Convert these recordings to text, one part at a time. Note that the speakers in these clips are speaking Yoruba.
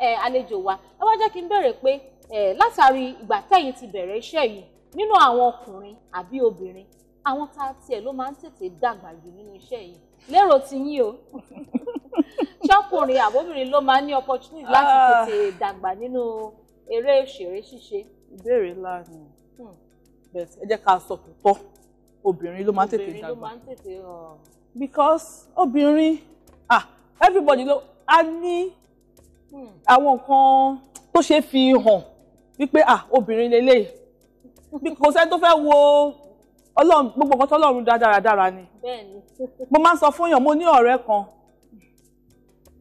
àlejò wa ẹ wá jẹ́ kí n bẹ̀rẹ̀ pé látàrí ìgbà tẹ̀yìn ti bẹ̀rẹ̀ iṣẹ́ yìí nínú àwọn ọkùnrin àbí obìnrin àwọn tá a tiẹ̀ ló máa ń tètè dàgbà jù nínú iṣẹ́ yìí lérò ti yín o ṣọkùnrin àbóbìnrin ló máa ń ní opportunity láti ah. tètè dàgbà nínú eré òṣèré ṣíṣe. ìbéèrè láàrin hmm. bẹ́ẹ̀ ẹ jẹ́ ká sọ tòótọ́ obìnrin ló máa ń tètè dàgbà because obìnrin ah everybody lo a ní àwọn nǹkan tó ṣe fi hàn wípé ah obìnrin lele. kò sẹ́ni tó fẹ́ wo ọlọ́run gbogbo nǹkan tọ́lọ́run dá dáradára ni mo máa ń sọ fún yàn mo ní ọ̀rẹ́ kan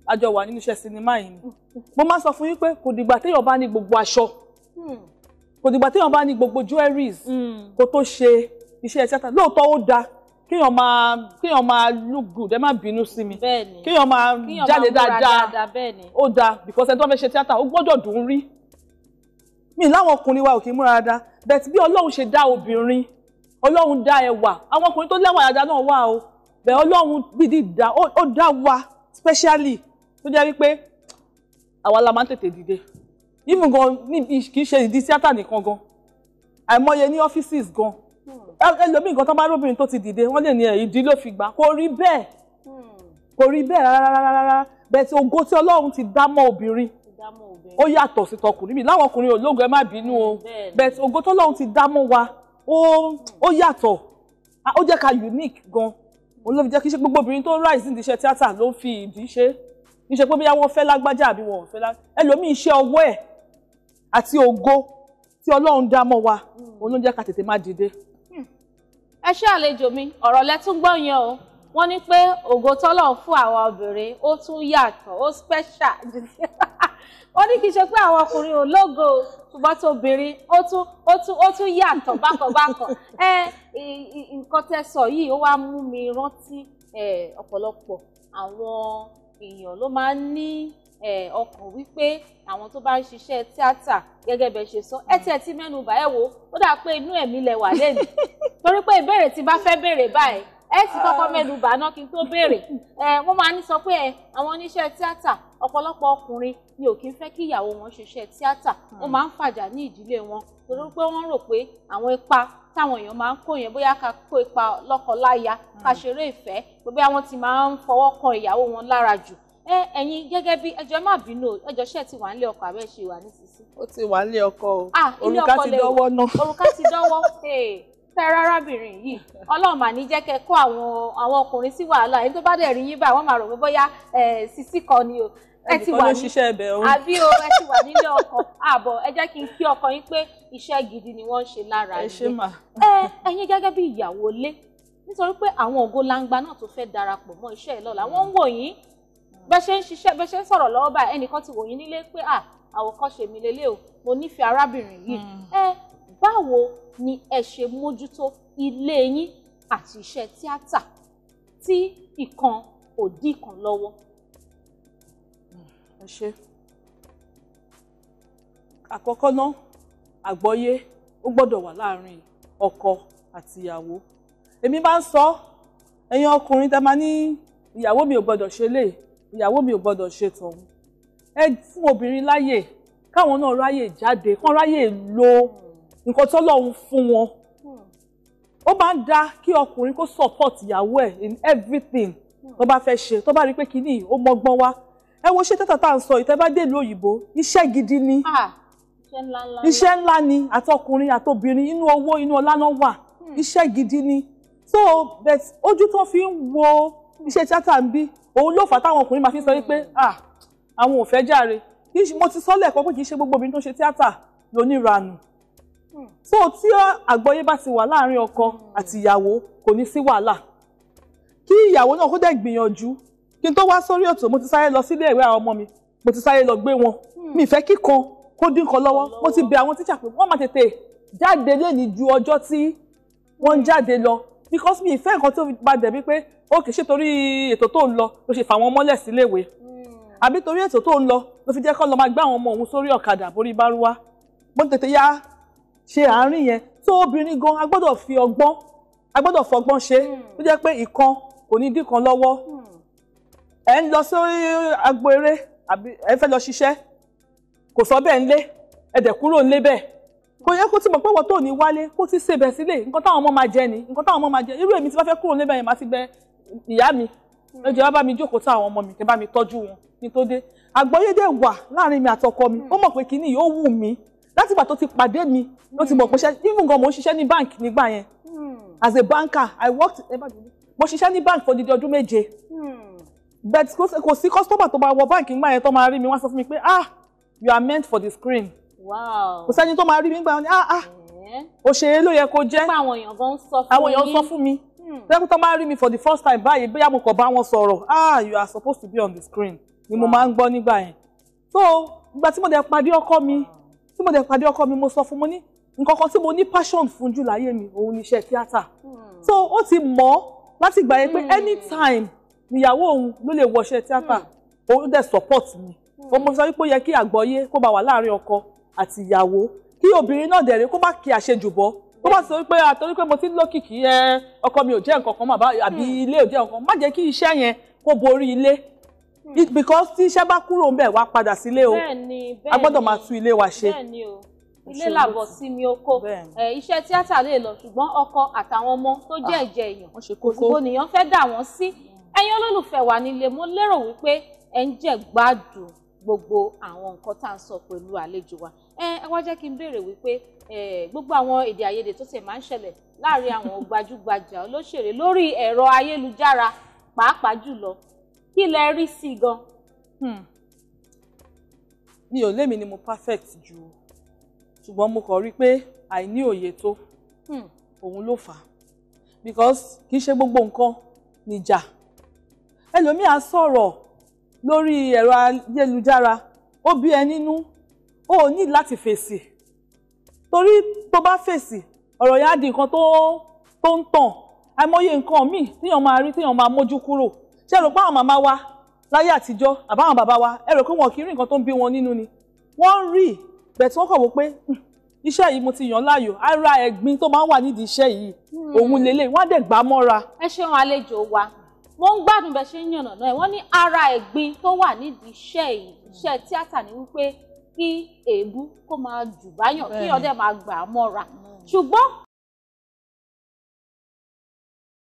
a jọ wà nínú iṣẹ́ sinimá yìí ni mo máa ń sọ fún yín pé kò dìgbà téèyàn bá ní gbogbo aṣọ hmm. kò dìgbà téèyàn bá ní gbogbo jewelries hmm. kó tó ṣe iṣẹ́ tíátà lóòótọ́ ó dáa kéèyàn máa kéèyàn máa look good ẹ má bínú sí mi kéèyàn máa jáde dáadáa ó dáa because ẹni tó fẹ́ ṣe tíátà ó gbọ́dọ̀ dùn rí mi láwọn ọkùnrin wa ò kì í múra dáadáa but bí ọlọ́run ṣe dá obìnrin ọlọ́run dá ẹwà àwọn ọkùnrin tó lẹ́wà dáadáa náà wà o but ọlọ́run gbìdì dá ó dá wa specially tó jẹ́ wípé àwa la máa ń tètè dìde even gan kì í ṣe ìdí tíátà nìkan gan àìmọye ní offices gan ẹlòmíì nǹkan tó bá róbìnrin tó ti dìde wọ́n lè ní ìdí ló fi gbà kò rí bẹ́ẹ̀ kò rí bẹ́ẹ̀ rárá bẹ́ẹ̀ tí ògo tí Ọlọ́run ti dá mọ́ obìnrin ó yàtọ̀ sí tọkùnrin mi láwọn ọkùnrin ológun ẹ má bínú o bẹ́ẹ̀ tí ògo tí Ọlọ́run ti dá mọ́ wa ó yàtọ̀ ó jẹ́ ká unique gan òun ló fi jẹ́ kí ṣe gbogbo obìnrin tó ń ráì sí ìdíṣẹ́ tíátà ló ń fi ìdí ṣe kì í ṣe pé bóyá wọ́n fẹ́ lágbájá àbí wọn ò fẹ́ lágbájá ẹlòmíì iṣẹ́ ọwọ́ ẹ̀ àti ògo tí Ọlọ́run dá mọ́ wa hmm. òun ló jẹ́ ká tètè má dìde ẹ ṣe àlejò mi ọ̀rọ̀ lẹ́tún gbọ́ yẹn o wọ́n ní pé ògo tọ́lọ̀ fún àwọn obìnrin ó tún yàtọ̀ ó special wọ́n ní kí n ṣe pé àwọn ọkùnrin ò lógo ṣùgbọ́n tóbìnrin ó tún ó tún ó tún yàtọ̀ bákanbákan ẹ nǹkan tẹ́ sọ yìí ó wá mú mi rántí ọ̀pọ̀lọpọ̀ àwọn èèyàn ló máa ń ní ọkàn wípé àwọn tó bá ń ṣiṣẹ́ tíátà gẹ́gẹ́ bẹ́ẹ̀ ṣe sọ ẹ tiẹ̀ ti mẹ́nubà ẹ wo ó dà pé inú ẹ̀mí lẹ wà lẹ́nu torí pé ìbéèrè tí bá fẹ́ béèrè báyìí ẹ ti kọ́kọ́ ah. mẹ́nubà náà kí n tó béèrè wọ́n máa ń sọ pé àwọn oníṣẹ́ tíátà ọ̀pọ̀lọpọ̀ ọkùnrin ni ò kí ń fẹ́ kí ìyàwó wọn ṣiṣẹ́ tíátà wọ́n hmm. máa ń fàjà ní ìdílé wọn torí pé wọ́n rò pé àwọn ipa táwọn èèyàn máa ń kó yẹn bóyá ká kó ipa lọ́kọláya ká hmm. ṣeré ìfẹ́ bóyá wọ́n ti máa ń fọwọ́ kan ìyàwó wọn lára jù ẹ ẹ̀yin gẹ́gẹ́ bí ẹjọ́ má bínú ẹjọ́ ṣe ti wà nílé ọkọ àbẹ́ ṣe wà ní sísí. ó ti wà nílé ọkọ o òrùka ti dọ́wọ́ náà. òrùka ti dọ́wọ́ fẹ́ rárábìnrin yìí ọlọ́run mà ní jẹ́ kẹ́ kó àwọn àwọn ọkùnrin sí wàhálà ẹni tó bá dẹ̀ rí yín báyìí wọ́n máa rò bóyá sísí kan ni o ẹ ti wà ní àbí o ẹ ti wà nílé ọkọ àbọ̀ ẹ jẹ́ kí n kí ọkọ yín pé iṣẹ́ gidi ni wọ́n ń ṣe lára yín ẹ ẹ̀yin gẹ́gẹ́ bí ìyàwó ilé nítorí pé àwọn ògo langba náà tó fẹ́ darapọ̀ mọ́ iṣẹ́ ẹ̀ lọ́la wọ́n ń bẹ́ ṣe ń ṣiṣẹ́ bẹ́ ṣe ń sọ̀rọ̀ lọ́wọ́ báyìí ẹnìkan ti wò yín nílé pé à àwòkọ́ṣe mi lélẹ̀ o mo nífẹ̀ẹ́ arábìnrin yìí hmm. ẹ báwo ni ẹ ṣe mójútó ilé yín àti iṣẹ́ tíátà tí ìkan ò dí ìkan lọ́wọ́. Hmm, ẹ ṣe àkọ́kọ́ náà àgbọ́yé ó gbọ́dọ̀ wà láàárín ọkọ àti ìyàwó èmi bá ń sọ ẹ̀yin ọkùnrin tẹ́ máa ní ìyàwó mi ò gbọ́dọ̀ ṣe léè ìyàwó mi ò gbọ́dọ̀ ṣe tọ̀hún ẹ fún obìnrin láyè káwọn náà ráyè jáde kán ráyè lo nǹkan tọ́lọ́run fún wọn ó máa ń dá kí ọkùnrin kó support ìyàwó ẹ̀ in everything tó bá fẹ́ ṣe tó bá rí pé kínní ó mọ́gbọ́n wá ẹ wo ṣé tẹ́tà tá à ń sọ ìtẹ́ bá dé ìlú òyìnbó iṣẹ́ gidi ni iṣẹ́ ńlá ni àtọkùnrin àtobìnrin inú owó inú ọlá náà wà hmm. iṣẹ́ gidi ni so bet ojú tó fi ń wo hmm. iṣẹ́ tẹ́tà ń bí òun ló fà á táwọn ọkùnrin máa fi sọ wípé hmm. ah àwọn ò fẹ́ járe kì í ṣe mo ti sọ lẹ́ẹ̀kan pé kì í ṣe gbogbo obìnrin tó ń ṣe tíátà lóníranù hmm. so tí àgbọ́yé bá ti wà láàárín ọkọ hmm. àti ìyàwó kò ní sí wàhálà kí ìyàwó náà kó dẹ̀ gbìyànjú kí n tó wá sórí ọ̀tọ̀ mo ti sáré lọ sílé ìwé àwọn ọmọ mi mo ti sáré lọ gbé wọn mi ìfẹ́ kíkan kó dín kan lọ́wọ́ mo ti bẹ àwọn tíṣà pé wọ́n máa tètè jáde lénìí ju ọjọ́ tí wọ́n ń jáde lọ because mi ìfẹ́ nǹkan tó bá dẹ̀bi pé ó kì í ṣe torí ètò tó ń lọ ló ṣe fà wọ́n mọ́lẹ̀ síléèwé hmm. àbí torí ètò tó ń lọ ló fi jẹ́ kó lọ máa gbé àwọn ọmọ òun sórí ọ̀kadà borí bárúwá bó tètè yá ṣe àárín yẹn tó obìnrin gan a gbọ́dọ̀ fi ọgbọ́n a gbọ́dọ̀ fọgbọ́n ṣe ló hmm. jẹ́ pé ìkan kò ní dín kan lọ́wọ́ hmm. ẹ̀ ń lọ sórí agbo eré àbí ẹ̀ fẹ́ lọ ṣiṣẹ́ kò sọ bẹ́ẹ̀ ńlé ẹ̀ dẹ̀ kúrò ńlé bẹ́ẹ̀ kò yẹ kó ti mọ̀ pé wọ́n tó ní wálé kó ti ṣe bẹ̀ sílé nǹkan táwọn ọmọ máa jẹ ni nǹkan táwọn ọmọ máa jẹ irú èmi tí bá fẹ́ kúrò níbẹ̀ yẹn máa ti bẹ ìyá mi hmm. ẹ jẹ́ wá bá mi jókòó táwọn ọmọ mi kẹ́ bá mi tọ́jú wọn ní tó dé àgbọ́yé dẹ̀ wà láàrin mi àtọkọ mi hmm. ó mọ̀ pé kínní yóò wù mí láti ìgbà tó ti pàdé mi ló ti mọ̀ pé ṣe even gan mo ń ṣiṣẹ́ ní bank nígbà yẹn hmm. as a banker I worked mo ṣiṣẹ́ ní bank for dídí ọdún méje but kò sí customer tó bá wọ bank nígbà yẹn tó máa rí mi wá sọ fún mi pé ah you are meant for the screen kò sẹ́ni tó máa rí mi gbà wọn ni ah ah òṣèré ló yẹ kó jẹ́ àwọn èèyàn sọ fún mi lẹ́kùn hmm. tó máa rí mi for the first time báyìí bóyá mo kàn bá wọn sọ̀rọ̀ ah you are supposed to be on the screen ni mo máa ń gbọ́ nígbà yẹn so ìgbà tí mo dẹ̀ pàdé ọkọ mi tí mo dẹ̀ pàdé ọkọ mi mo sọ fún mo ní nǹkan tí mo ní passion fún jù láyé mi òun ni iṣẹ́ tíátà hmm. so ó ti mọ̀ láti gbà yẹn pé hmm. anytime níyàwó òun ló lè wọṣẹ́ tíátà òun dẹ̀ support mi mo sọ wípé ó yẹ kí àgbọ́yé kó bá wà láàárín ọkọ àti ìyàwó kí obìnrin náà dẹ̀rẹ̀ kó má kí àṣejù bọ́ bó bá sọ pé àtọ́rí pé mo ti ń lókìkí ẹ ọkọ mi ò jẹ́ nǹkan kan mọ́ àbí hmm. ilé ò jẹ́ nǹkan kan má jẹ́ kí iṣẹ́ yẹn kó borí ilé hmm. because tí iṣẹ́ bá kúrò ń bẹ̀ wá padà sílé o a gbọ́dọ̀ máa tún ilé wa ṣe ilé làbọ̀ sí mi oko iṣẹ́ tíátà lè lọ ṣùgbọ́n ọkọ àtàwọn ọmọ tó ah, jẹ́ ẹ̀jẹ̀ èèyàn òṣìkò nìyàn fẹ́ dà wọ́n sí ẹ̀yin olólùfẹ́ wa nílé mo lérò wípé ẹ̀ ń jẹ gbádùn gbogbo àwọn nǹkan tá à ń sọ pẹ̀lú àlejò wa ẹ wá jẹ́ kí n béèrè wípé gbogbo àwọn èdè àìyedè tó tẹ̀ máa ń ṣẹlẹ̀ láàrin àwọn gbajúgbajà olóṣèré lórí ẹ̀rọ ayélujára pàápàá jùlọ kí lẹ rí sí gan. Hmm. mi ò lémi ni mo perfect jù ṣùgbọ́n mo kàn rí i pé àìní òye tó hmm. òun ló fà á because kì í ṣe gbogbo nǹkan níjà ẹlòmíà sọ̀rọ̀ lórí ẹ̀rọ ayélujára ó bí ẹ nínú ó ní láti fèsì torí tó bá fèsì ọ̀rọ̀ yẹn á di nǹkan tó tó ń tàn àìmọye nǹkan míì téèyàn máa rí téèyàn máa mójú kúrò ṣé ẹ rò pé àwọn màmá wa láyé àtijọ́ àbáwọn bàbá wa ẹ rò pé wọn kì í rí nǹkan tó ń bí wọn nínú ni wọ́n ń rí bẹ̀tí wọ́n kọ̀ wọ́n pé hmm, iṣẹ́ yìí mo ti yàn láàyò ara ẹ̀gbin tó máa ń wà nídìí iṣẹ́ yìí hmm. òun lélẹ̀ wọ́n á dẹ̀ gbà mọ́ra. ẹ ṣeun àlejò wa wọ́n ń gbádùn bẹ́ẹ̀ ṣe ń yànnà náà ẹ̀ wọ́n ní ara ẹ̀gbin tó wà nídìí iṣẹ́ iṣẹ́ tíátà ni wípé kí èébú kó máa jù báyàn kí ọdẹ máa gbà á mọ́ra mm. ṣùgbọ́n